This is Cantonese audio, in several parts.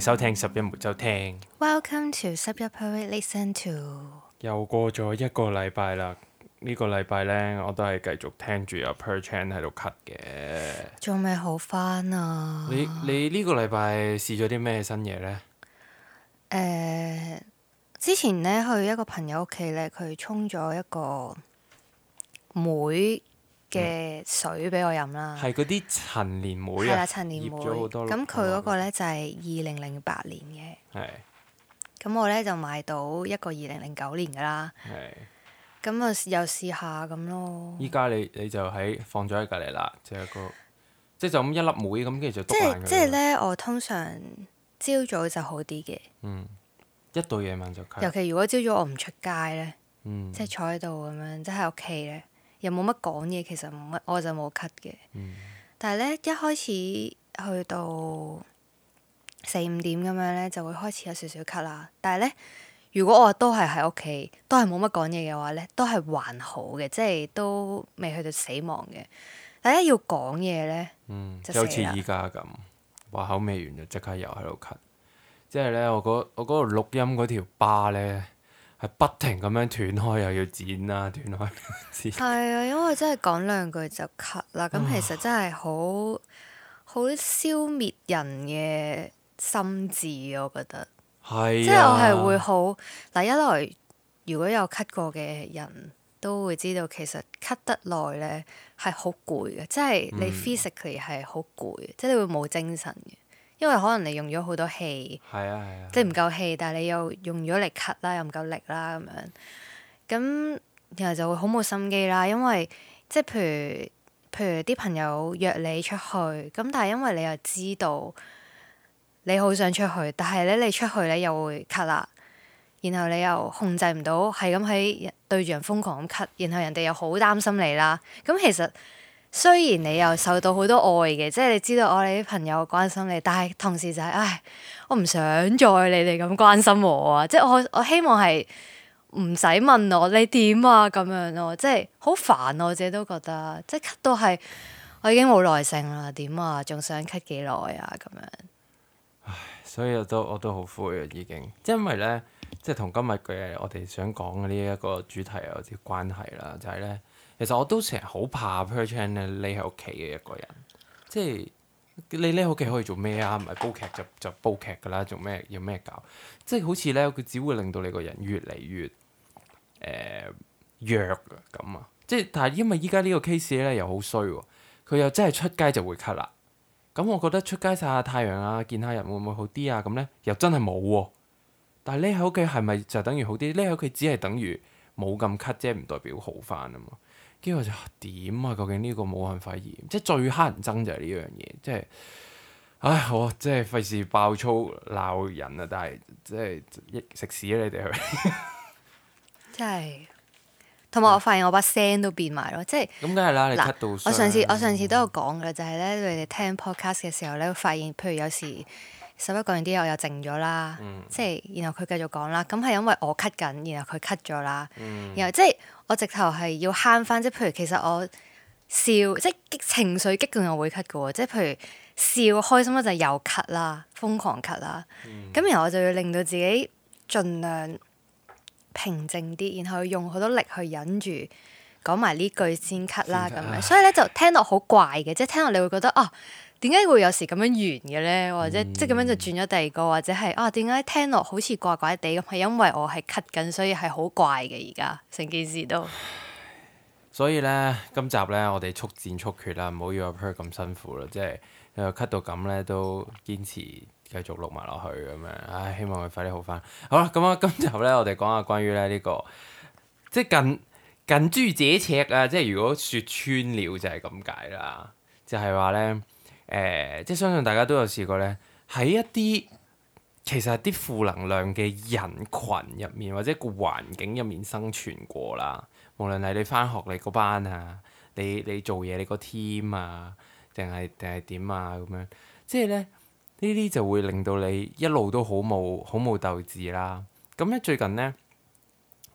收聽十一每週聽。Welcome to 十一 per week listen to。又過咗一個禮拜啦，這個、呢個禮拜咧，我都係繼續聽住阿 Per Chan 喺度 cut 嘅。仲未好翻啊！你你個呢個禮拜試咗啲咩新嘢咧？誒，uh, 之前咧去一個朋友屋企咧，佢沖咗一個梅妹嘅水俾我飲啦，係嗰啲陳年梅啊，陳年梅，醃咗好多咯。咁佢嗰個咧就係二零零八年嘅，係的。咁我咧就買到一個二零零九年噶啦，係的。咁啊，又試下咁咯。依家你你就喺放咗喺隔離啦，即係個，即係就咁一粒梅。咁，跟住就獨即係即係咧，我通常朝早就好啲嘅，嗯。一到夜晚就尤其如果朝早我唔出街咧，嗯、即係坐喺度咁樣，即係喺屋企咧。又冇乜講嘢，其實冇乜，我就冇咳嘅。嗯，但係咧，一開始去到四五點咁樣咧，就會開始有少少咳啦。但係咧，如果我都係喺屋企，都係冇乜講嘢嘅話咧，都係還好嘅，即係都未去到死亡嘅。但係一要講嘢咧，嗯，就好似依家咁，話口未完就即刻又喺度咳，即係咧，我嗰我嗰度錄音嗰條巴咧。係不停咁樣斷開又要剪啦，斷開剪。係啊，因為真係講兩句就 cut 啦，咁、啊、其實真係好好消滅人嘅心智，我覺得。係、啊。即係我係會好嗱，一來如果有 cut 過嘅人都會知道，其實 cut 得耐咧係好攰嘅，即係你 physically 係好攰，嗯、即你會冇精神嘅。因為可能你用咗好多氣，啊啊、即係唔夠氣，但係你又用咗嚟咳啦，又唔夠力啦咁樣，咁然後就會好冇心機啦。因為即係譬如譬如啲朋友約你出去，咁但係因為你又知道你好想出去，但係咧你出去咧又會咳啦，然後你又控制唔到，係咁喺對住人瘋狂咁咳，然後人哋又好擔心你啦。咁其實～雖然你又受到好多愛嘅，即係你知道我哋啲朋友關心你，但係同時就係，唉，我唔想再你哋咁關心我啊！即係我我希望係唔使問我你點啊咁樣咯，即係好煩我自己都覺得，即係 cut 到係我已經冇耐性啦，點啊，仲想 cut 幾耐啊咁樣。唉，所以我都我都好灰啊，已經，即係因為咧。即係同今日嘅我哋想講嘅呢一個主題有啲關係啦，就係、是、咧，其實我都成日好怕 percent 咧匿喺屋企嘅一個人，即係你匿喺屋企可以做咩啊？唔係煲劇就就煲劇噶啦，做咩有咩搞？即係好似咧，佢只會令到你個人越嚟越誒、呃、弱嘅咁啊！即係但係因為依家呢個 case 咧又好衰，佢又真係出街就會咳啦。咁我覺得出街曬下太陽啊，見下人會唔會好啲啊？咁咧又真係冇喎。但係匿喺屋企係咪就等於好啲？匿喺屋企只係等於冇咁咳啫，唔、就是、代表好翻啊嘛！跟住我就點啊，啊？究竟呢個武漢肺炎，即係最乞人憎就係呢樣嘢，即係唉，我即係費事爆粗鬧人啊！但係即係一食屎啊，你哋，真係同埋我發現我把聲都變埋咯，嗯、即係咁梗係啦，你咳到。我上次我上次都有講噶，就係、是、咧，你哋聽 Podcast 嘅時候咧，會發現譬如有時。十一講完啲，我又靜咗啦，嗯、即係然後佢繼續講啦，咁係因為我咳緊，然後佢咳咗啦，嗯、然後即係我直頭係要慳翻，即係譬如其實我笑即係情緒激動，我會咳嘅喎，即係譬如笑開心咧就又咳啦，瘋狂咳啦，咁、嗯、然後我就要令到自己儘量平靜啲，然後用好多力去忍住講埋呢句先咳啦，咁剪樣，唉所以咧就聽落好怪嘅，即係聽落你會覺得哦。啊點解會有時咁樣圓嘅呢？或者、嗯、即係咁樣就轉咗第二個，或者係啊？點解聽落好似怪怪地咁？係因為我係咳緊，所以係好怪嘅，而家成件事都。所以呢，今集呢，我哋速戰速決啦，唔好要阿 p 咁辛苦啦。即係又咳到咁呢，都堅持繼續錄埋落去咁樣。唉，希望佢快啲好翻。好啦，咁啊，今集呢，我哋講下關於咧呢、這個，即係近近朱者赤啊！即係如果説穿了就係咁解啦，就係、是、話呢。誒、呃，即係相信大家都有試過咧，喺一啲其實啲負能量嘅人群入面，或者個環境入面生存過啦。無論係你翻學你個班啊，你你做嘢你個 team 啊，定係定係點啊咁樣，即係咧呢啲就會令到你一路都好冇好冇鬥志啦。咁咧最近咧，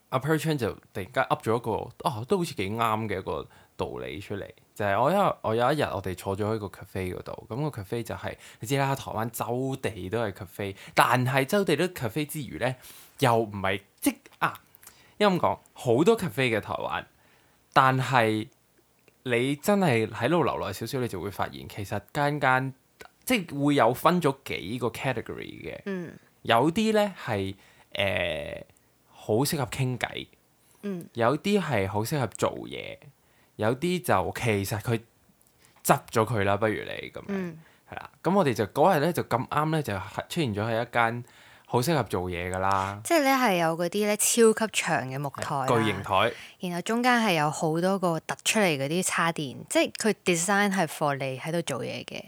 阿、啊、Perchon 就突然間 up 咗一個，哦、啊，都好似幾啱嘅一個。道理出嚟就係我，因為我有一日我哋坐咗喺個 cafe 嗰度。咁、個 cafe 就係、是、你知啦，台灣周地都係 cafe，但係周地都 cafe 之餘呢，又唔係即啊。因為我講好多 cafe 嘅台灣，但係你真係喺度留耐少少，你就會發現其實間間即會有分咗幾個 category 嘅。嗯、有啲呢係誒好適合傾偈，嗯、有啲係好適合做嘢。有啲就其實佢執咗佢啦，不如你咁樣係啦。咁、嗯、我哋就嗰日咧就咁啱咧就出現咗喺一間好適合做嘢噶啦。即係咧係有嗰啲咧超級長嘅木台、啊，巨型台。然後中間係有好多個突出嚟嗰啲叉電，即係佢 design 係 for 你喺度做嘢嘅。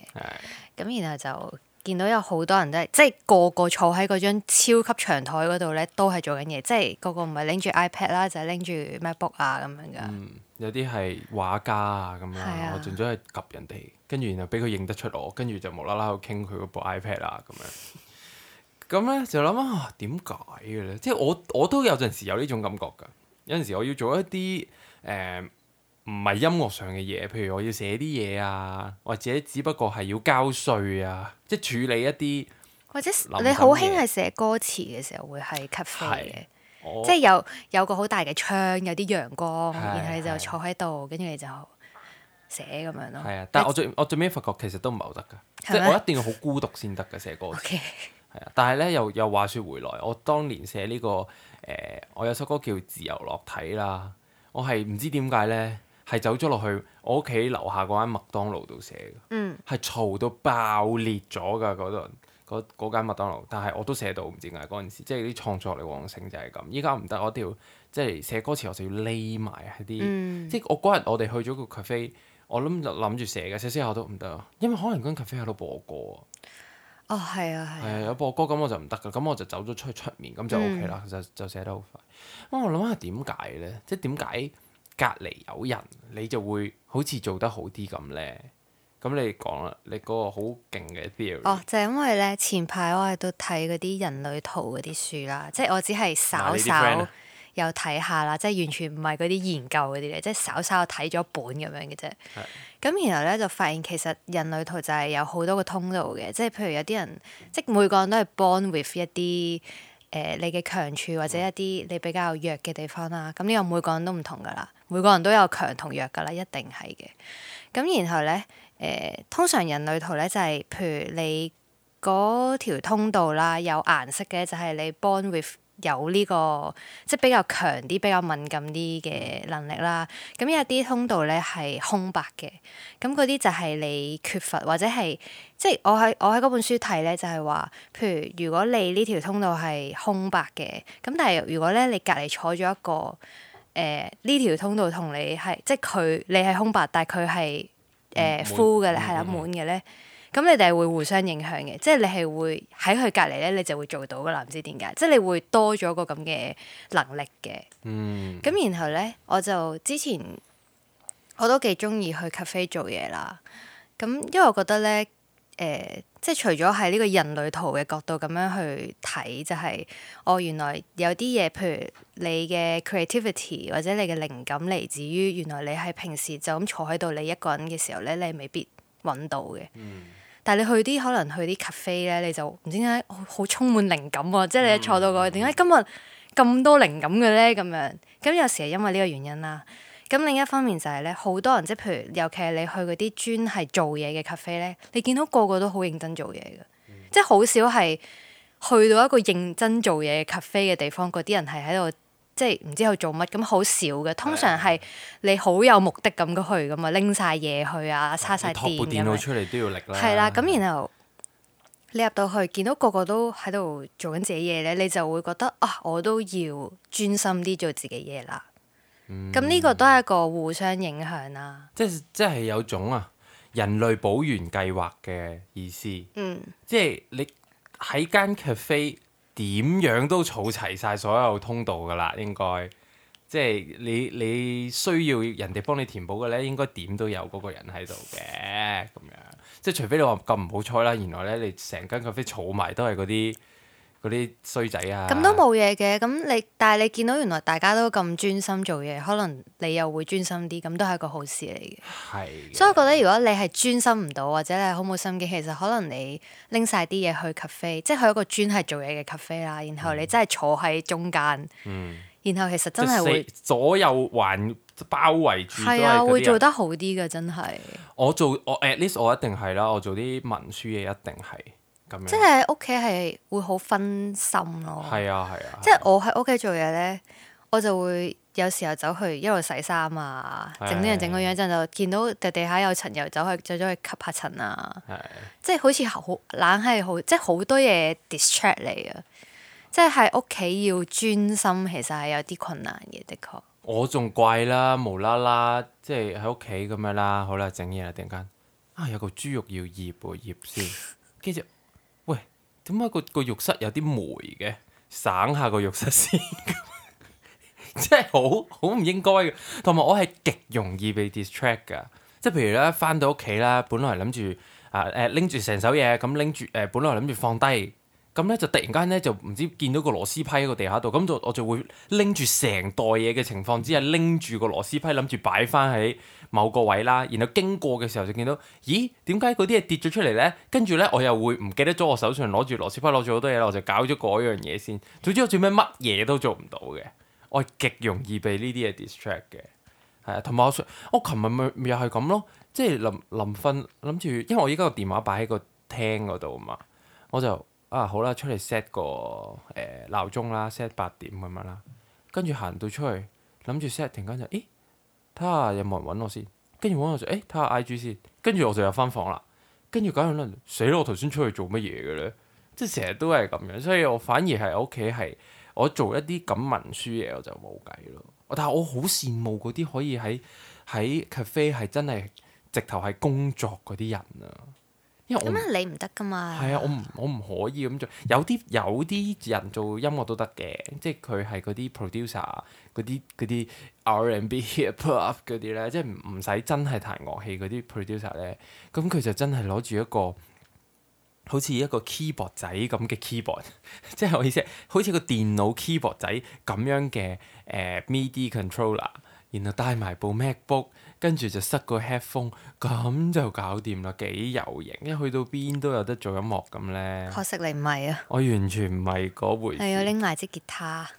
咁是的 然後就見到有好多人都係即係個個坐喺嗰張超級長台嗰度咧，都係做緊嘢。即係個個唔係拎住 iPad 啦，就係、是、拎住 MacBook 啊咁樣噶。嗯有啲係畫家啊咁樣，我盡咗去及人哋，跟住然後俾佢認得出我，跟住就無啦啦喺傾佢部 iPad 啊咁樣。咁咧就諗啊，點解嘅咧？即係我我都有陣時有呢種感覺噶。有陣時我要做一啲誒唔係音樂上嘅嘢，譬如我要寫啲嘢啊，或者只不過係要交稅啊，即係處理一啲或者你好興係寫歌詞嘅時候會係 cafe 嘅。即係有有個好大嘅窗，有啲陽光，的然後你就坐喺度，跟住的你就寫咁樣咯。係啊，但係我最但我最尾發覺其實都唔係好得㗎，嗎即係我一定要好孤獨先得㗎寫歌。係啊 Okay.，但係咧又又話說回來，我當年寫呢、這個誒、呃，我有首歌叫《自由落體》啦，我係唔知點解咧，係走咗落去我屋企樓下嗰間麥當勞度寫嘅。嗯，係嘈到爆裂咗㗎嗰陣。那個嗰嗰間麥當勞，但係我都寫到唔知點解嗰陣時，即係啲創作力旺盛就係咁。依家唔得，我都要即係寫歌詞，我就要匿埋喺啲，嗯、即係我嗰日我哋去咗個 cafe，我諗就諗住寫嘅，寫寫下都唔得，因為可能嗰間 cafe 喺度播歌。哦，係啊，係、啊。啊、嗯，有播歌咁我就唔得噶，咁我就走咗出去出面，咁就 OK 啦，就、嗯、就寫得好快。我諗下點解咧？即係點解隔離有人你就會好似做得好啲咁咧？咁你講啦，你嗰個好勁嘅一啲 e 哦，就係、是、因為咧，前排我喺度睇嗰啲人類圖嗰啲書啦，即係我只係稍稍又睇下啦、啊，即係完全唔係嗰啲研究嗰啲咧，即係稍稍睇咗本咁樣嘅啫。咁的然後咧就發現其實人類圖就係有好多個通道嘅，即係譬如有啲人即係每個人都係 born with 一啲誒、呃、你嘅強處或者一啲你比較弱嘅地方啦。咁呢個每個人都唔同噶啦，每個人都有強同弱噶啦，一定係嘅。咁然後咧。誒、呃，通常人類圖咧就係、是，譬如你嗰條通道啦，有顏色嘅就係你 born with 有呢、這個，即係比較強啲、比較敏感啲嘅能力啦。咁有啲通道咧係空白嘅，咁嗰啲就係你缺乏或者係，即係我喺我喺嗰本書睇咧就係話，譬如如果你呢條通道係空白嘅，咁但係如果咧你隔籬坐咗一個誒，呢、呃、條通道同你係即係佢你係空白，但係佢係。誒 full 嘅咧，係啊、呃、滿嘅咧，咁、嗯、你哋係會互相影響嘅，即係你係會喺佢隔籬咧，你就會做到㗎喇，唔知點解，即係你會多咗個咁嘅能力嘅。嗯，咁然後咧，我就之前我都幾鍾意去 cafe 做嘢啦，咁因為我覺得咧。誒、呃，即係除咗喺呢個人類圖嘅角度咁樣去睇，就係、是、哦，原來有啲嘢，譬如你嘅 creativity 或者你嘅靈感嚟自於原來你係平時就咁坐喺度你一個人嘅時候咧，你未必搵到嘅。嗯、但係你去啲可能去啲 cafe 咧，你就唔知點解好充滿靈感喎、啊！嗯、即係你坐到過去，點解今日咁多靈感嘅咧？咁樣，咁有時係因為呢個原因啦。咁另一方面就係咧，好多人即譬如，尤其係你去嗰啲專係做嘢嘅 cafe 咧，你見到個個都好認真做嘢㗎，嗯、即好少係去到一個認真做嘢嘅 cafe 嘅地方，嗰啲人係喺度即係唔知去做乜，咁好少㗎。通常係你好有目的咁去噶嘛，拎晒嘢去啊，叉晒電咁樣，拖部電腦出嚟都要力啦。係啦，咁然後你入到去，見到個個都喺度做緊自己嘢咧，你就會覺得啊，我都要專心啲做自己嘢啦。咁呢、嗯、個都係一個互相影響啦、啊，即係有種啊人類補完計劃嘅意思，嗯，即係你喺間 cafe 點樣都儲齊晒所有通道噶啦，應該，即係你你需要人哋幫你填補嘅呢，應該點都有嗰個人喺度嘅，咁樣，即係除非你話咁唔好彩啦，原來咧你成間 cafe 儲埋都係嗰啲。嗰啲衰仔啊！咁都冇嘢嘅，咁你但係你見到原來大家都咁專心做嘢，可能你又會專心啲，咁都係一個好事嚟嘅。係，是的 所以我覺得如果你係專心唔到，或者你係好冇心機，其實可能你拎晒啲嘢去 cafe，即係去一個專係做嘢嘅 cafe 啦。然後你真係坐喺中間，嗯、然後其實真係會、嗯就係、左右環包圍住，係啊，會做得好啲嘅，真係。我做我 at least 我一定係啦，我做啲文書嘢一定係。即係喺屋企係會好分心咯，係啊係啊，即係我喺屋企做嘢咧，我就會有時候走去一路洗衫啊，整啲嘢整個樣，陣就見到地下有塵，又走去走咗去吸下塵啊，即係好似好冷係好，即係好多嘢 distraction 嚟啊，即係喺屋企要專心，其實係有啲困難嘅，的確。我仲怪啦，無啦啦，即係喺屋企咁樣啦，好啦，整嘢啦突然間啊，有嚿豬肉要醃啊，醃先，跟住。點解個個浴室有啲霉嘅？省下個浴室先。 真，真係好好唔應該嘅。同埋我係極容易被 distract 嘅，即係譬如咧翻到屋企啦，本來諗住啊誒拎住成手嘢咁拎住誒，本來諗住放低。咁咧就突然間咧就唔知見到個螺絲批喺個地下度，咁就我就會拎住成袋嘢，嘅情況之下拎住個螺絲批，諗住擺翻喺某個位啦。然後經過嘅時候就見到，咦？點解嗰啲嘢跌咗出嚟咧？跟住咧我又會唔記得咗我手上攞住螺絲批，攞住好多嘢啦，我就搞咗嗰樣嘢先。總之我做咩乜嘢都做唔到嘅，我係極容易被呢啲嘢 distract 嘅，係啊。同埋我我琴日咪又係咁咯，即係臨臨瞓諗住，因為我依家個電話擺喺個廳嗰度啊嘛，我就。啊好啦，出嚟 set 個誒、呃、鬧鐘啦，set 八點咁樣啦，跟住行到出去，諗住 set 停間就，咦、欸，睇下有冇人揾我先，跟住揾我就，誒睇下 IG 先，跟住我就又翻房啦，跟住搞到死咯！我頭先出去做乜嘢嘅咧？即係成日都係咁樣，所以我反而喺屋企係我做一啲咁文書嘢我就冇計咯，但係我好羨慕嗰啲可以喺喺 cafe 係真係直頭係工作嗰啲人啊！因為我咁啊，咁樣你唔得噶嘛？係啊，我唔我唔可以咁做。有啲有啲人做音樂都得嘅，即係佢係嗰啲 producer，嗰啲嗰啲 R&B pop 嗰啲咧，即係唔唔使真係彈樂器嗰啲 producer 咧，咁佢就真係攞住一個好似一個 keyboard 仔咁嘅 keyboard，即係我意思係好似個電腦 keyboard 仔咁樣嘅誒、呃、midi controller，然後帶埋部 MacBook。跟住就塞個 headphone，咁就搞掂啦，幾有型，因為去到邊都有得做音樂咁咧。可惜你唔係啊，我完全唔係嗰回事。係啊，拎埋支吉他，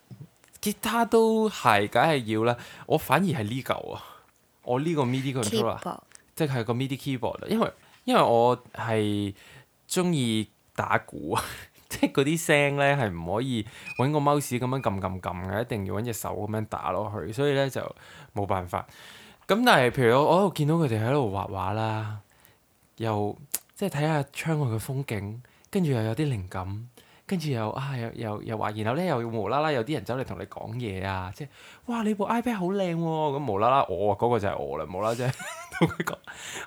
吉他都係，梗係要啦。我反而係呢嚿啊，我呢個 midi controller，即係個 midi keyboard 啦。因為因為我係中意打鼓啊， 即係嗰啲聲咧係唔可以揾個 mouse 咁樣撳撳撳嘅，一定要揾隻手咁樣打落去，所以咧就冇辦法。咁但係，譬如我我喺度見到佢哋喺度畫畫啦，又即係睇下窗外嘅風景，跟住又有啲靈感，跟住又啊又又又畫，然後咧又無啦啦有啲人走嚟同你講嘢啊，即係哇你部 iPad 好靚喎，啊，咁無啦啦我嗰、嗰個就係我啦，無啦啦就同佢講，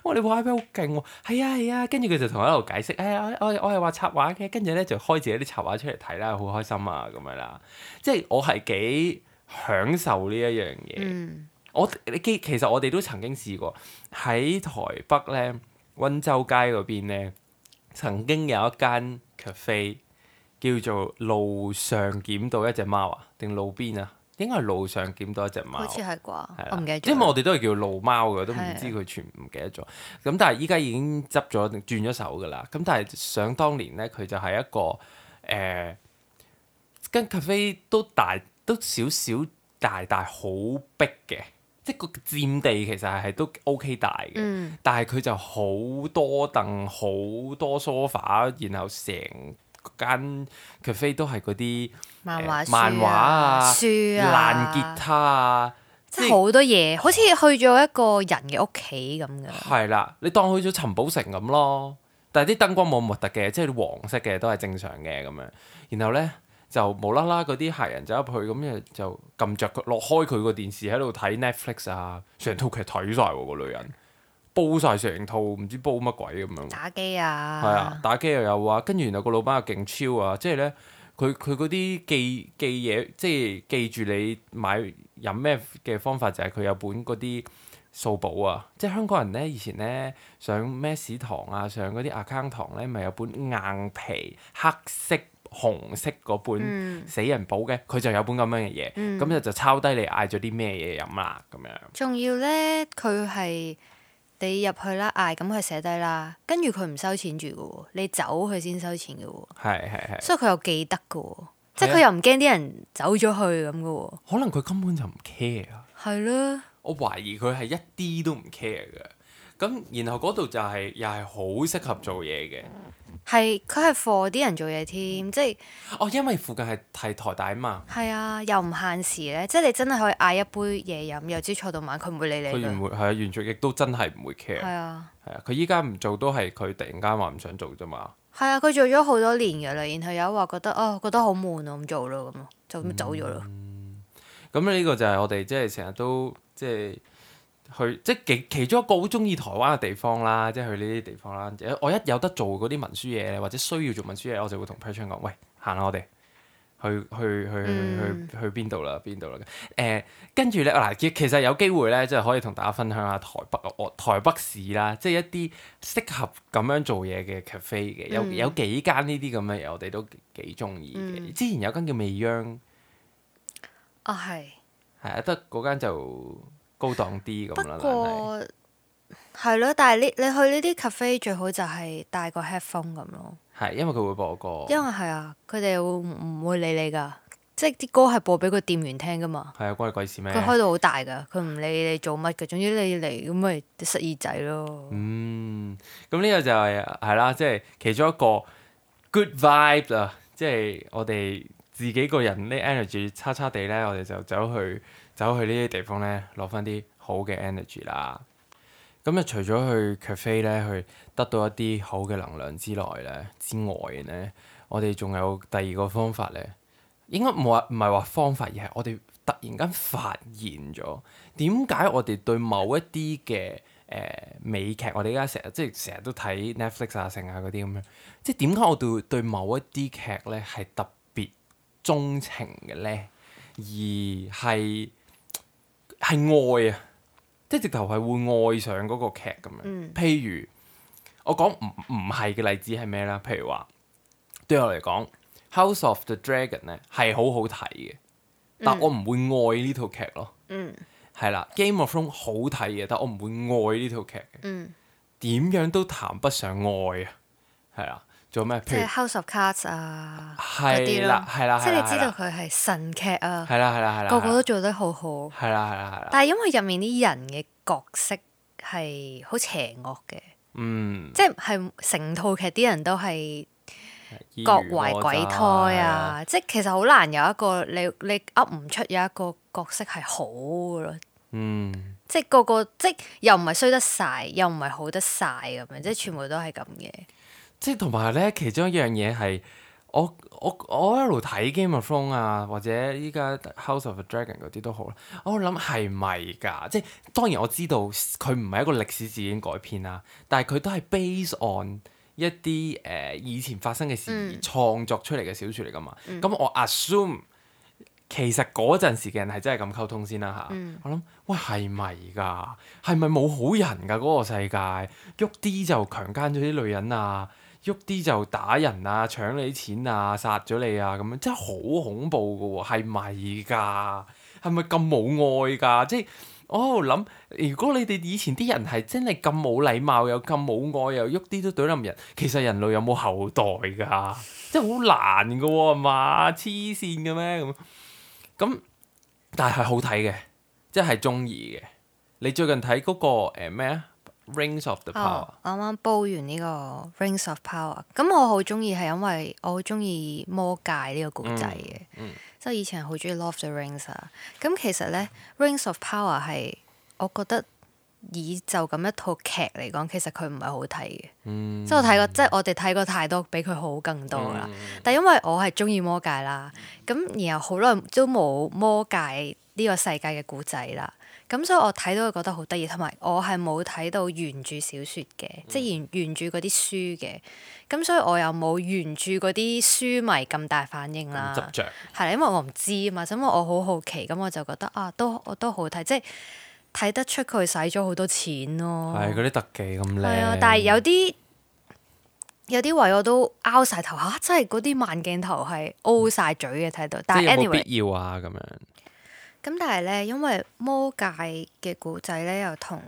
哇你部 iPad 好勁喎，係啊係啊，啊啊啊跟住佢就同我喺度解釋，哎我我我係畫插畫嘅，跟住咧就開自己啲插畫出嚟睇啦，好開心啊咁樣啦，即係我係幾享受呢一樣嘢。Mm 我你記其實我哋都曾經試過喺台北咧，溫州街嗰邊咧，曾經有一間 cafe 叫做路上撿到一隻貓啊，定路邊啊，應該係路上撿到一隻貓，好似係啩，的我唔記得，因為我哋都係叫路貓嘅，都唔知佢全唔記得咗。咁的但係依家已經執咗定轉咗手噶啦。咁但係想當年咧，佢就係一個誒，間、呃、cafe 都大都少少大大好逼嘅。一個佔地其實係都 O、OK、K 大嘅，嗯、但係佢就好多凳，好多梳化，然後成間 cafe 都係嗰啲漫畫、漫畫啊書啊爛、啊啊、吉他啊，即係你好多嘢，好似去咗一個人嘅屋企咁嘅。係啦，你當去咗陳寶城咁咯，但係啲燈光冇咁核突嘅，即、就、係、是、黃色嘅都係正常嘅咁樣。然後咧。就無啦啦嗰啲客人走入去咁，就撳着佢落開佢個電視喺度睇 Netflix 啊，成套劇睇晒喎，個女人，煲晒成套唔知煲乜鬼咁樣。打機啊！係啊，打機又有啊，跟住然後個老闆又勁超啊，即係呢，佢佢嗰啲記記嘢，即係記住你買飲咩嘅方法 zeros，就係佢有本嗰啲數簿啊，即係香港人呢，以前呢，上咩 Maths 堂啊，上嗰啲 Account 堂呢，咪有本硬皮黑色。紅色嗰本死人簿嘅，佢、嗯、就有本咁樣嘅嘢，咁就、嗯、就抄低你嗌咗啲咩嘢飲啦，咁樣。仲要呢，佢係你入去啦嗌，咁佢寫低啦，跟住佢唔收錢住㗎喎，你走佢先收錢嘅喎。係係係。所以佢又記得㗎喎，啊、即係佢又唔驚啲人走咗去咁㗎喎。可能佢根本就唔 care。係咯、啊。我懷疑佢係一啲都唔 care 嘅。咁然後嗰度就係、是、又係好適合做嘢嘅。係，佢係貨啲人做嘢添，嗯、即係是。哦，因為附近係係台大啊嘛。係啊，又唔限時咧，即係你真係可以嗌一杯嘢飲，由朝坐到晚，佢唔會理你。佢唔會係啊，完全亦都真係唔會 care。係啊，係啊，佢依家唔做都係佢突然間話唔想做啫嘛。係啊，佢做咗好多年㗎啦，然後又話覺得哦，覺得好悶啊，唔做咯，咁就走咗咯。咁呢、嗯、個就係我哋即係成日都即係。去即係其其中一個好中意台灣嘅地方啦，即係去呢啲地方啦。我一有得做嗰啲文書嘢，或者需要做文書嘢，我就會同 Patron 講：喂，行啦，我哋去去去去去邊度啦？邊度啦？誒，跟住咧嗱，其實有機會咧，即係可以同大家分享下台北台北市啦，即係一啲適合咁樣做嘢嘅 cafe 嘅，有、嗯、有幾間呢啲咁嘅嘢，我哋都幾中意嘅。嗯、之前有間叫未央，啊係係啊，得嗰間就。高檔啲咁啦，不過係咯，但係你你去呢啲 cafe 最好就係帶個 headphone 咁咯。係因為佢會播歌，因為係啊，佢哋會唔會理你噶？即係啲歌係播俾個店員聽噶嘛。係啊，關你鬼事咩？佢開到好大噶，佢唔理你做乜嘅。總之你嚟咁咪塞耳仔咯。嗯，咁呢個就係係啦，即係、就是、其中一個 good vibe 啦。即係我哋自己個人呢 energy 差差地咧，我哋就走去。走去呢啲地方咧，攞翻啲好嘅 energy 啦。咁啊，除咗去 cafe 咧，去得到一啲好嘅能量之外咧之外咧，我哋仲有第二個方法咧。應該冇話，唔係話方法，而係我哋突然間發現咗點解我哋對某一啲嘅誒美劇，我哋而家成日即係成日都睇 Netflix 啊、剩啊嗰啲咁樣，即係點解我哋會對某一啲劇咧係特別鍾情嘅咧？而係。係愛啊，即係直頭係會愛上嗰個劇咁樣、嗯譬，譬如我講唔唔係嘅例子係咩咧？譬如話對我嚟講，《House of the Dragon》咧係、嗯嗯、好好睇嘅，但我唔會愛呢套劇咯。嗯，係啦，《Game of Thrones》好睇嘅，但我唔會愛呢套劇。嗯，點樣都談不上愛啊，係啦。做咩？即係 House of Cards 啊，嗰啲咯，係啦，即係你知道佢係神劇啊，係啦，係啦，係啦，個個都做得好好，係啦，係啦，係啦。但係因為入面啲人嘅角色係好邪惡嘅，嗯，即係成套劇啲人都係各懷鬼胎啊，嗯嗯、即係其實好難有一個你你噏唔出有一個角色係好嘅咯，嗯，即係個個即又唔係衰得晒，又唔係好得晒咁樣，即係全部都係咁嘅。即係同埋咧，其中一樣嘢係我我我一路睇 Game of Thrones 啊，或者依家 House of Dragon 嗰啲都好啦。我諗係咪㗎？即係當然我知道佢唔係一個歷史事件改編啦，啊，但係佢都係 based on 一啲誒、呃、以前發生嘅事而、嗯、創作出嚟嘅小説嚟㗎嘛。咁、嗯、我 assume 其實嗰陣時嘅人係真係咁溝通先啦，啊、吓？嗯、我諗，喂，係咪㗎？係咪冇好人㗎？嗰、嗰個世界喐啲就強姦咗啲女人啊！喐啲就打人啊，搶你啲錢啊，殺咗你啊，咁樣真係好恐怖嘅喎，係咪噶？係咪咁冇愛噶？即係我喺度諗，如果你哋以前啲人係真係咁冇禮貌，又咁冇愛，又喐啲都懟冧人，其實人類有冇後代噶？即係、啊、好難嘅喎，係嘛？黐線嘅咩咁？咁但係好睇嘅，即係中意嘅。你最近睇嗰、嗰個咩啊？欸 Rings of the Power，啱啱煲完呢、這個 Rings of Power，咁我好中意係因為我好中意魔界呢、這個故仔嘅，即係、嗯嗯、以，以前好中意 Love the Rings 啊。咁其實咧，Rings of Power 係我覺得以就咁一套劇嚟講，其實佢唔係好睇嘅。即係、嗯、我睇過，即係、嗯、我哋睇過太多比佢好更多啦。嗯、但係因為我係中意魔界啦，咁然後好耐都冇魔界。呢個世界嘅古仔啦，咁所以我睇到佢覺得好得意，同埋我係冇睇到原著小説嘅，嗯、即係原原著嗰啲書嘅，咁所以我又冇原著嗰啲書迷咁大反應啦、嗯。執著係啦，因為我唔知啊嘛，咁我好好奇，咁我就覺得啊，都我都好睇，即係睇得出佢使咗好多錢咯、啊。係嗰啲特技咁靚。係啊，但係有啲有啲位我都拗晒頭嚇，真係嗰啲慢鏡頭係 O 曬嘴嘅睇到，嗯、但係 anyway 必要啊咁樣。咁但係咧，因為魔界嘅古仔咧，又同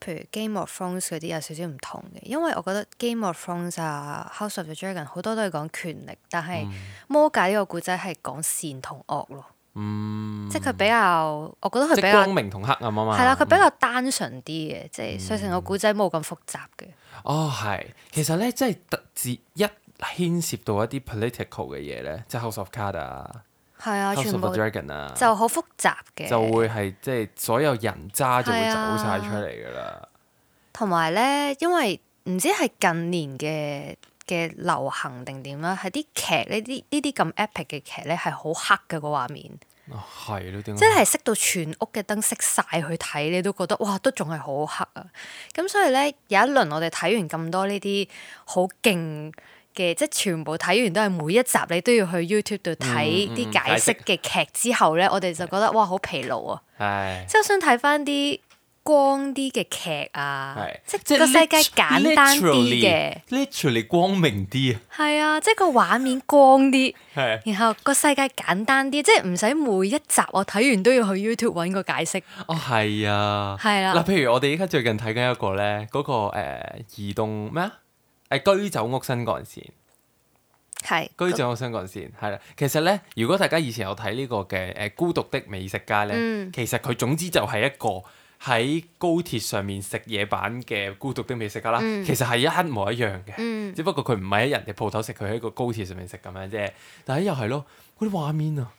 譬如 Game of Thrones 嗰啲有少少唔同嘅。因為我覺得 Game of Thrones 啊、嗯、House of Dragon 好多都係講權力，但係魔界呢個古仔係講善同惡咯。嗯，即係佢比較，我覺得佢比較光明同黑暗啊嘛。係啦，佢比較單純啲嘅，即係、嗯、所以成個古仔冇咁複雜嘅、嗯。哦，係，其實咧，即係特自一牽涉到一啲 political 嘅嘢咧，即係 House of Cards 啊。係啊，全部就好複雜嘅， 就是、會係即係所有人渣就會走晒出嚟噶啦。同埋咧，因為唔知係近年嘅嘅流行定點啦，係啲劇呢啲呢啲咁 epic 嘅劇咧，係好黑嘅個畫面。係咯、啊，即係熄到全屋嘅燈熄晒去睇，你都覺得哇，都仲係好黑啊！咁所以咧，有一輪我哋睇完咁多呢啲好勁。嘅即係全部睇完都係每一集你都要去 YouTube 度睇啲、嗯嗯、解釋嘅劇之後咧，釋我哋就覺得哇好疲勞啊！即係是想睇翻啲光啲嘅劇啊，是即係個世界簡單啲嘅，就是，liter，literally 光明啲啊！係啊，即係個畫面光啲，係是然後個世界簡單啲，即係唔使每一集我睇完都要去 YouTube 搵個解釋。哦，係啊，係啊。嗱，譬如我哋依家最近睇緊一個咧，嗰、那個誒、呃、移動咩啊？誒、哎、居酒屋新幹線，係是居酒屋新幹線，係啦。其實咧，如果大家以前有睇呢個嘅誒、呃《孤獨的美食家呢》咧、嗯，其實佢總之就係一個喺高鐵上面食嘢版嘅《孤獨的美食家》啦。嗯、其實係一模一樣嘅，嗯、只不過佢唔係喺人哋鋪頭食，佢喺個高鐵上面食咁樣啫。但係又係咯，嗰啲畫面啊，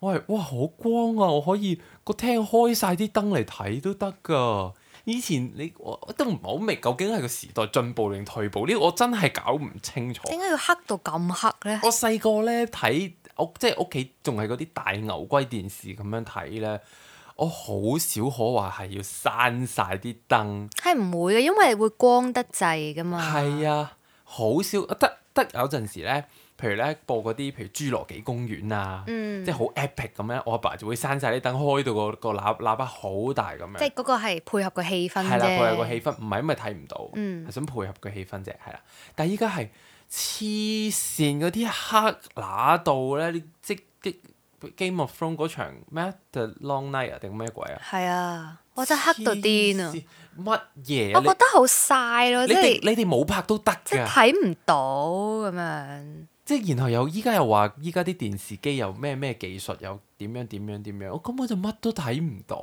喂，哇好光啊，我可以個廳開晒啲燈嚟睇都得㗎。以前你我都唔係好明究竟係個時代進步定退步，呢個我真係搞唔清楚。點解要黑到咁黑呢？我細個呢，睇屋即係屋企仲係嗰啲大牛龜電視咁樣睇呢，我好少可話係要閂晒啲燈。係唔會嘅，因為會光得滯噶嘛。係啊，好少，得得有陣時呢。譬如咧播嗰啲譬如侏羅紀公園啊，嗯、即係好 epic 咁樣，我阿爸，爸就會閂晒啲燈，開到個個喇叭喇叭好大咁樣。即係嗰個係配合個氣氛啫。係啦，配合個氣氛，唔係因為睇唔到，係、嗯、想配合個氣氛啫。係啦，但係依家係黐線嗰啲黑乸到咧，即係 game of t r o n 嗰場 mad the long night 啊定咩鬼啊？係啊，我真係黑到癲啊！乜嘢？我覺得好晒咯，即係你哋冇拍都得即係睇唔到咁樣。即然後又依家又話依家啲電視機又咩咩技術又點樣點樣點樣，我、哦、根本就乜都睇唔到，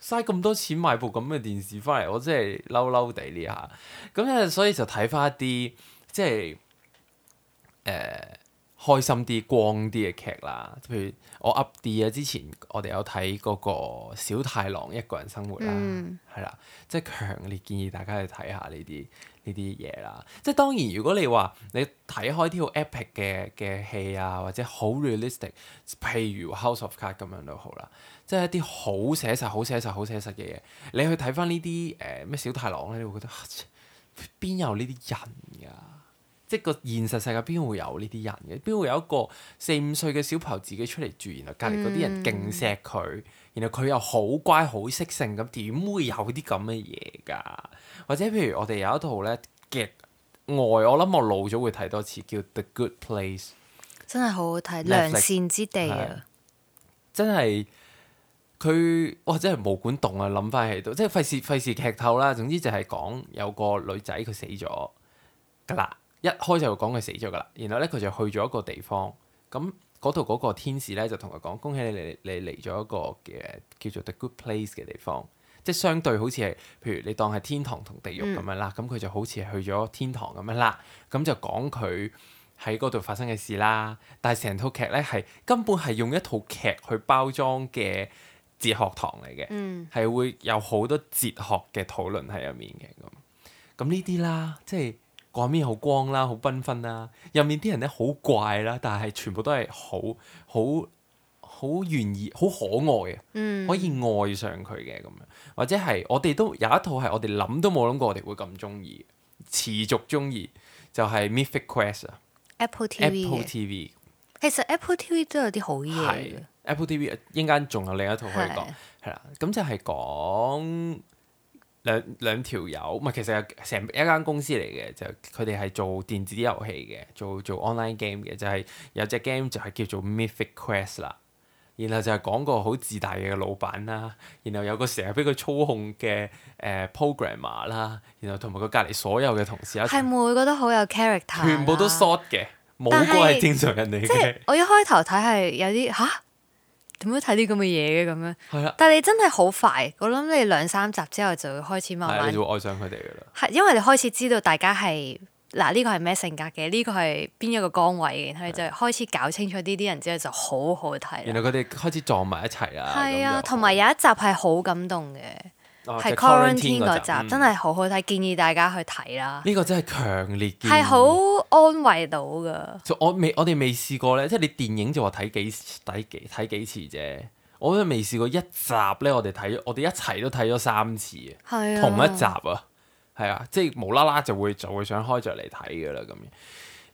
嘥咁多錢買部咁嘅電視翻嚟，我真係嬲嬲地呢下。咁、嗯、咧，所以就睇翻一啲即係誒。呃開心啲、光啲嘅劇啦，譬如我 update 啊，之前我哋有睇嗰個小太郎一個人生活啦，係、嗯、啦，即係強烈建議大家去睇下呢啲呢啲嘢啦。即係當然，如果你話你睇開啲好 epic 嘅嘅戲啊，或者好 realistic，譬如 House of Cards 咁樣都好啦，即係一啲好寫實、好寫實、好寫實嘅嘢，你去睇翻呢啲誒咩小太郎咧，你會覺得邊、啊、有呢啲人㗎、啊？即係個現實世界邊會有呢啲人嘅？邊會有一個四五歲嘅小朋友自己出嚟住，然後隔離嗰啲人勁錫佢，嗯、然後佢又好乖好識性，咁點會有啲咁嘅嘢㗎？或者譬如我哋有一套咧極外，我諗我老咗會睇多次，叫《The Good Place》，真係好好睇良善之地啊！真係佢哇！真係毛、哦、管戙啊！諗翻起度，即係費事費事劇透啦。總之就係講有個女仔佢死咗㗎啦。一開就講佢死咗㗎啦，然後咧佢就去咗一個地方，咁嗰度嗰個天使咧就同佢講：恭喜你嚟，你嚟咗一個嘅叫做 The Good Place 嘅地方，即係相對好似係，譬如你當係天堂同地獄咁樣啦，咁佢就好似去咗天堂咁樣啦，咁就講佢喺嗰度發生嘅事啦。但係成套劇咧係根本係用一套劇去包裝嘅哲學堂嚟嘅，係、嗯、會有好多哲學嘅討論喺入面嘅咁。咁呢啲啦，即係。畫面好光啦，好繽紛啦，入面啲人咧好怪啦，但係全部都係好好好懸疑、好可愛啊，嗯、可以愛上佢嘅咁樣，或者係我哋都有一套係我哋諗都冇諗過，我哋會咁中意，持續中意就係、是《Mythic Quest》啊。Apple TV。Apple TV。其實 Apple TV 都有啲好嘢。係。Apple TV 陣間仲有另一套可以講，係啦是，咁就係講。兩兩條友，唔係其實係成一間公司嚟嘅，就佢哋係做電子遊戲嘅，做做 online game 嘅，就係、是、有隻 game 就係叫做 Mythic Quest 啦。然後就係講個好自大嘅老闆啦，然後有個成日俾佢操控嘅誒 programmer 啦，呃、Program mer, 然後同埋佢隔離所有嘅同事一齊。係唔會覺得好有 character？全部都 short 嘅，冇是個係正常人嚟嘅。即係我一開頭睇係有啲吓。點樣睇啲咁嘅嘢嘅咁樣？係啦，但係你真係好快，我諗你兩三集之後就會開始慢慢，係你會愛上佢哋嘅啦。係因為你開始知道大家係嗱呢個係咩性格嘅，呢、呢個係邊一個崗位嘅，你係就開始搞清楚呢啲人之後就好好睇。原來佢哋開始撞埋一齊啦。係啊係，同埋有，有一集係好感動嘅。係 quarantine 嗰集，嗯、真係好好睇，建議大家去睇啦。呢個真係強烈建議，係好安慰到噶。我未我哋未試過呢，即係你電影就話睇幾睇幾睇幾，幾次啫。我都未試過一集呢。我哋睇我哋一齊都睇咗三次是啊。同一集啊，係啊，即係無啦啦就會就會想開着嚟睇噶啦咁。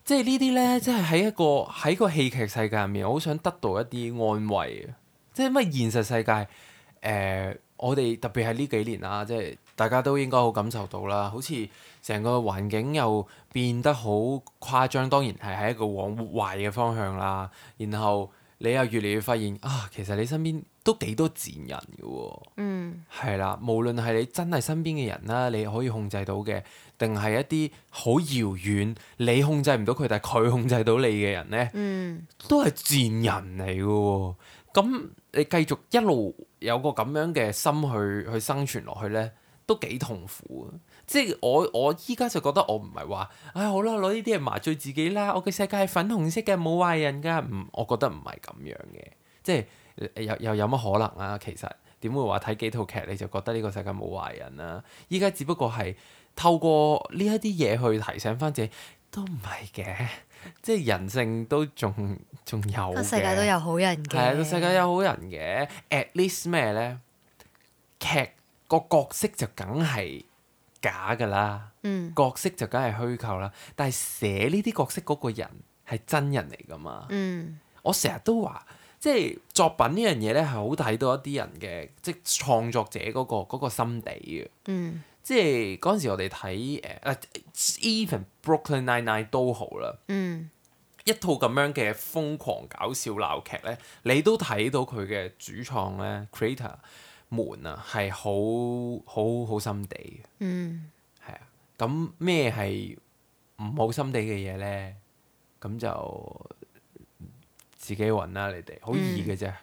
即係呢啲呢，即係喺一個喺個戲劇世界入面，好想得到一啲安慰啊！即係咩現實世界誒。呃呃我哋特別係呢幾年啦，即係大家都應該好感受到啦，好似成個環境又變得好誇張，當然係喺一個往壞嘅方向啦。然後你又越嚟越發現啊，其實你身邊都幾多賤人㗎喎、哦，嗯，係啦，無論係你真係身邊嘅人啦，你可以控制到嘅，定係一啲好遙遠你控制唔到佢，但係佢控制到你嘅人咧，嗯，都係賤人嚟㗎喎。咁你繼續一路有個咁樣嘅心去去生存落去咧，都幾痛苦嘅。即係我我依家就覺得我唔係話，唉、哎、好啦，攞呢啲嚟麻醉自己啦。我嘅世界係粉紅色嘅，冇壞人噶。唔，我覺得唔係咁樣嘅。即係又又有乜可能啊？其實點會話睇幾套劇你就覺得呢個世界冇壞人啊？依家只不過係透過呢一啲嘢去提醒翻自己，都唔係嘅。即係人性都仲仲有嘅，世界都有好人嘅，世界有好人嘅。At least 咩咧？劇個角色就梗係假噶啦，嗯、角色就梗係虛構啦。但係寫呢啲角色嗰個人係真人嚟噶嘛？嗯、我成日都話，即係作品呢樣嘢咧，係好睇到一啲人嘅，即係創作者嗰、嗰個、嗰個心地嘅。嗯即係嗰陣時我，我哋睇誒誒，even Brooklyn Nine-Nine 都好啦，嗯、一套咁樣嘅瘋狂搞笑鬧劇呢，你都睇到佢嘅主創呢 Creator 門啊，係好好好心地嘅，嗯，係啊。咁咩係唔好心地嘅嘢呢？咁就自己揾啦，你哋好易嘅啫。嗯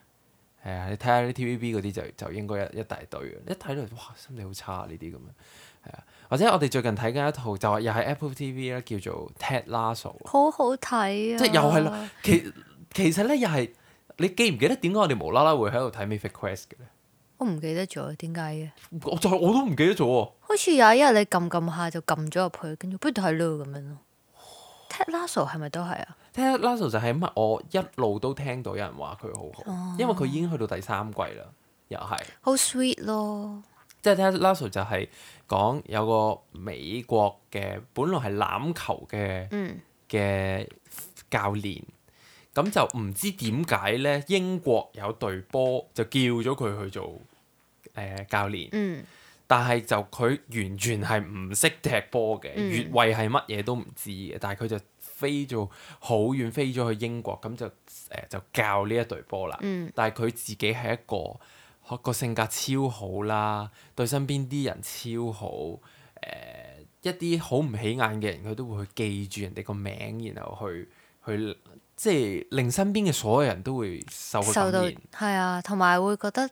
係啊，你睇下啲 TVB 嗰啲就就應該一一大堆嘅，一睇到哇，心理好差啊，呢啲咁樣。係啊，或者我哋最近睇緊一套就係又係 Apple TV 啦，叫做 Ted Lasso。好好睇啊！即係又係啦，其其實咧又係你記唔記得點解我哋無啦啦會喺度睇《Mythic Quest》嘅咧？我唔記得咗點解嘅，我就係我都唔記得咗喎。好似有一日你撳撳下就撳咗入去，跟住不如睇呢度咁樣咯。Ted Lasso 係咪都係啊？Ted Lasso 就係乜？我一路都聽到有人話佢好好，哦、因為佢已經去到第三季啦，又係好 sweet 咯。即係、哦《Ted Lasso 就係講有個美國嘅，本來係欖球嘅，嘅教練，咁、嗯、就唔知點解呢，英國有隊波就叫咗佢去做誒、呃、教練，嗯、但係就佢完全係唔識踢波嘅，越、嗯、位係乜嘢都唔知嘅，但係佢就。飛咗好遠，飛咗去英國，咁就誒、呃、就教呢一隊波啦。嗯、但係佢自己係一個一個性格超好啦，對身邊啲人超好。誒、呃，一啲好唔起眼嘅人，佢都會去記住人哋個名，然後去去即係令身邊嘅所有人都會受到，係啊，同埋會覺得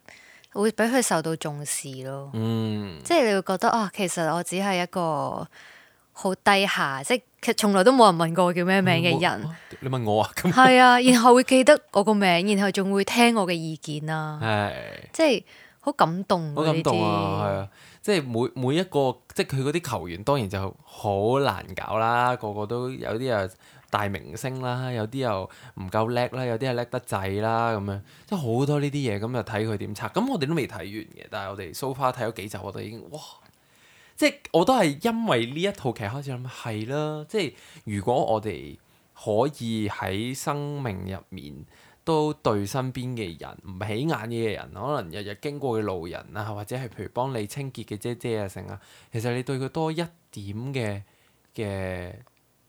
會俾佢受到重視咯。嗯，即係你會覺得啊、哦，其實我只係一個。好低下，即係其實從來都冇人問過我叫咩名嘅人、嗯啊。你問我啊？係啊，然後會記得我個名，然後仲會聽我嘅意見啦、啊。係， 即係好感動，好感動啊！係些啊，即係每每一個，即係佢嗰啲球員，當然就好難搞啦。個個都有啲啊大明星啦，有啲又唔夠叻啦，有啲又叻得滯啦，咁樣即係好多呢啲嘢，咁就睇佢點拆。咁我哋都未睇完嘅，但係我哋 Super 睇咗幾集，我哋已經哇。哇即我都係因為呢一套劇開始諗，係啦，即係如果我哋可以喺生命入面都對身邊嘅人、唔起眼嘅人，可能日日經過嘅路人啊，或者係譬如幫你清潔嘅姐姐啊，成啊，其實你對佢多一點嘅嘅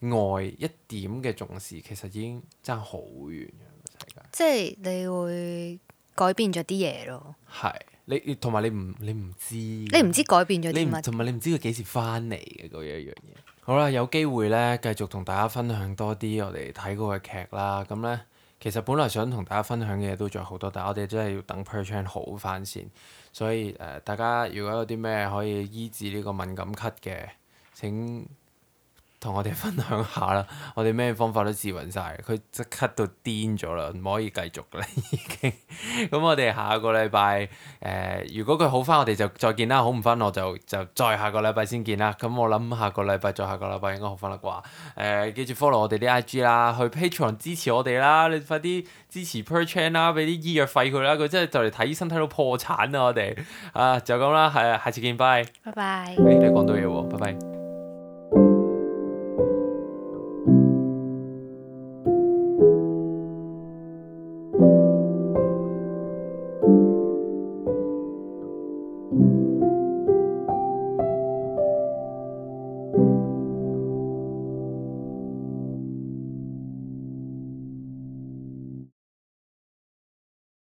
愛，一點嘅重視，其實已經爭好遠嘅世界。即係你會改變咗啲嘢咯。係。你同埋你唔你唔知，你唔知，你唔知改變咗啲乜，同埋你唔知佢幾時翻嚟嘅嗰一樣嘢。好啦，有機會呢繼續同大家分享多啲我哋睇過嘅劇啦。咁呢，其實本來想同大家分享嘅嘢都仲有好多，但係我哋真係要等 Percent 好翻先。所以誒、呃，大家如果有啲咩可以醫治呢個敏感咳嘅，請，同我哋分享下啦，我哋咩方法都試勻晒，佢即刻到癲咗啦，唔可以繼續啦，已經。咁 我哋下個禮拜，誒、呃，如果佢好翻，我哋就再見啦；好唔翻，我就就再下個禮拜先見啦。咁我諗下個禮拜，再下個禮拜應該好翻啦啩？誒、呃，記住 follow 我哋啲 IG 啦，去 Patreon 支持我哋啦，你快啲支持 Perchan 啦，俾啲醫藥費佢啦。佢真係就嚟睇醫生睇到破產啊！我哋啊，就咁啦，係，下次見，拜拜。拜 Bye bye.、欸、你講到嘢喎，拜拜。